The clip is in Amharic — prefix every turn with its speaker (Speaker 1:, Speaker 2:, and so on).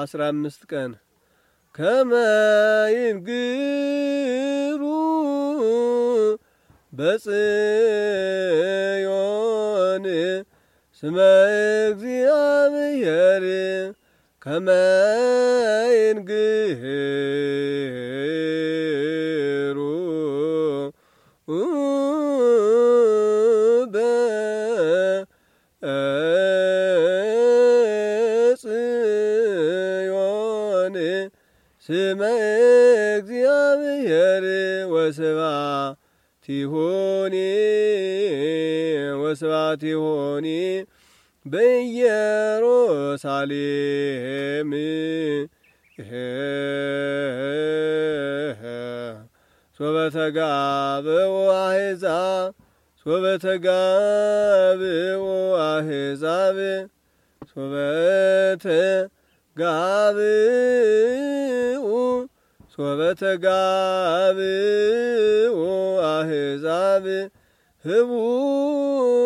Speaker 1: አስራ አምስት ቀን ከመይንግሩ በጽዮን ስመ እግዚአብሔር ከመይንግሩ በ ጽዮን ስመ እግዚአብሔር ወስብሐት ይሁኒ ወስብሐት ይሁኒ በኢየሩሳሌም ሶበተጋብኡ አሕዛብ ሶበተጋብኡ አሕዛብ ሶበተ ጋብኡ ሶበተ ጋብኡ አሕዛብ ህቡ